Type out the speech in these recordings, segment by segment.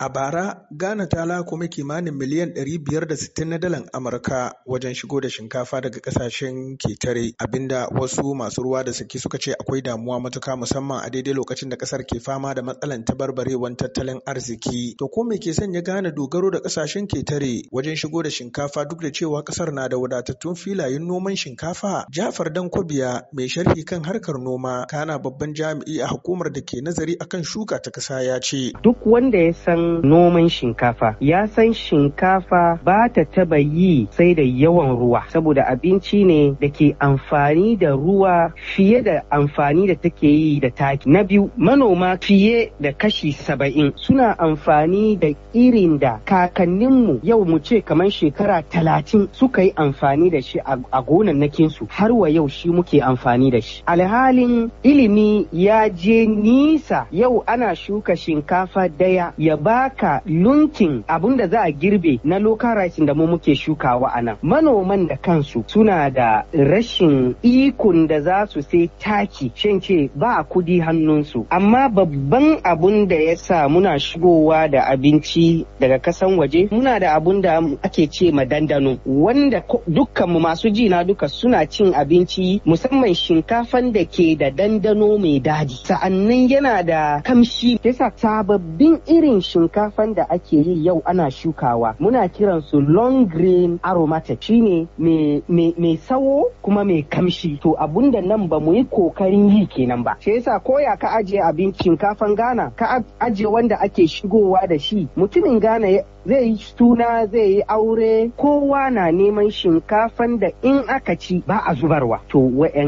A bara, Ghana ta laƙume kimanin miliyan ɗari biyar da sittin na dalar Amurka wajen shigo da shinkafa daga kasashen ketare, abinda wasu masu ruwa da saki suka ce akwai damuwa matuka musamman a daidai lokacin da ƙasar ke fama da matsalar tabarbarewar tattalin arziki. To ko me ke sanya Ghana dogaro da ƙasashen ketare wajen shigo da shinkafa duk da cewa ƙasar na da wadatattun filayen noman shinkafa? Jafar dan kwabiya mai sharhi kan harkar noma, kana babban jami'i a hukumar da ke nazari akan shuka ta ƙasa ya ce. Duk wanda ya san noman shinkafa ya san shinkafa ba ta taba yi sai da yawan ruwa saboda abinci ne da ke amfani da ruwa fiye da amfani da take yi da taki na biyu manoma fiye da kashi saba'in suna amfani da irin da kakanninmu yau mu ce kamar shekara talatin suka yi amfani da shi a gonannakinsu har wa yau shi muke amfani da shi alhalin ilimi ya je nisa yau ana shuka shinkafa daya ya ba saka lunkin abun da za a girbe na local rice da mu muke shukawa a nan manoman da kansu suna da rashin ikon da za su sai taki shin ce ba kudi hannunsu amma babban abun da ya sa muna shigowa da abinci daga kasan waje muna da abun da ake ce ma dandano wanda dukkanmu masu ji na duka suna cin abinci musamman shinkafan da ke da dandano mai daji sa'annan yana da kamshi yasa sababbin irin shinkafa shinkafan da ake yi yau ana shukawa muna kiran su long green aromatic shine mai sawo kuma mai kamshi to abunda nan ba mu yi kokarin yi kenan ba shi yasa ko ya ka ajiye abin shinkafan Ghana ka ajiye wanda ake shigowa da shi mutumin Ghana zai yi suna zai yi aure kowa na neman shinkafan da in aka ci ba a zubarwa to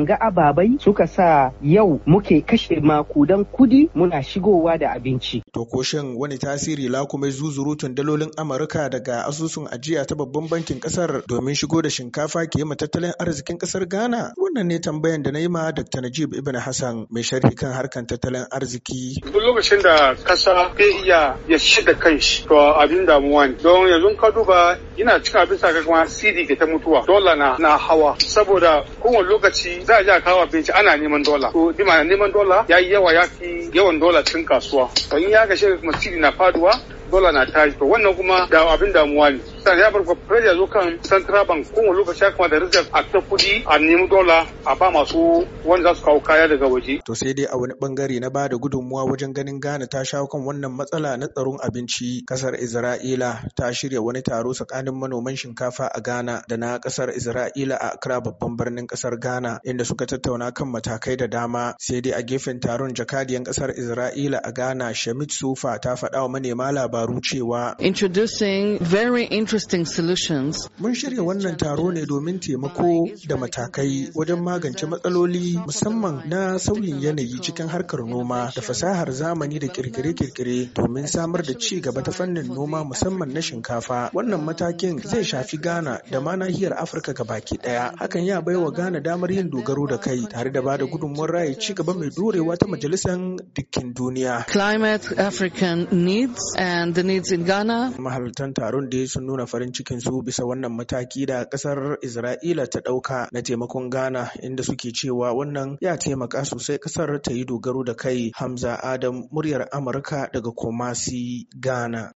ga ababai suka sa yau muke kashe makudan kudi muna shigowa da abinci to ko shin wani tasiri la kuma zuzurutun dalolin Amurka daga asusun ajiya ta babban bankin kasar domin shigo da shinkafa ke ma tattalin arzikin kasar Ghana? Wannan ne tambayan da na yi ma Dr. Najib Ibn Hassan mai sharhi kan harkan tattalin arziki. Duk lokacin da kasa ke iya ya shi da kanshi to abin damuwa ne. Don yanzu ka duba yana cika bisa ga kuma CD ke ta mutuwa dola na na hawa saboda kowane lokaci za a ji a kawo abinci ana neman dola to dima neman dola ya yi yawa ya fi yawan dola cikin kasuwa to in ya kashe kuma CD na faduwa dola na tashi to wannan kuma da abin damuwa ne sanya bar kwafirar ya zo kan central bank kowane lokaci ya kamata rizal a ta kudi a nemi dola a ba masu wanda za su kawo kaya daga waje. to sai dai a wani bangare na ba da gudunmuwa wajen ganin ghana ta shawo kan wannan matsala na tsaron abinci kasar isra'ila ta shirya wani taro tsakanin manoman shinkafa a ghana da na kasar isra'ila a accra babban birnin kasar ghana inda suka tattauna kan matakai da dama sai dai a gefen taron jakadiyan kasar isra'ila a ghana shamit sufa ta faɗa wa manema labaru cewa introducing very interesting interesting solutions. Mun shirya wannan taro ne domin taimako da matakai wajen magance matsaloli musamman na sauyin yanayi cikin harkar noma da fasahar zamani da kirkire-kirkire domin samar da ci gaba ta fannin noma musamman na shinkafa. Wannan matakin zai shafi Ghana da ma nahiyar Afirka baki daya. Hakan ya baiwa Ghana damar yin dogaro da kai tare da bada gudunmuwar raye ci gaba mai dorewa ta majalisar dukkan duniya. Climate African needs and the needs in Ghana. Mahalartan taron da ya sun nuna nuna farin cikin su bisa wannan mataki da kasar Isra'ila ta dauka na taimakon Ghana inda suke cewa wannan ya taimaka sosai kasar ta yi dogaro da kai Hamza Adam muryar Amurka daga Kumasi Ghana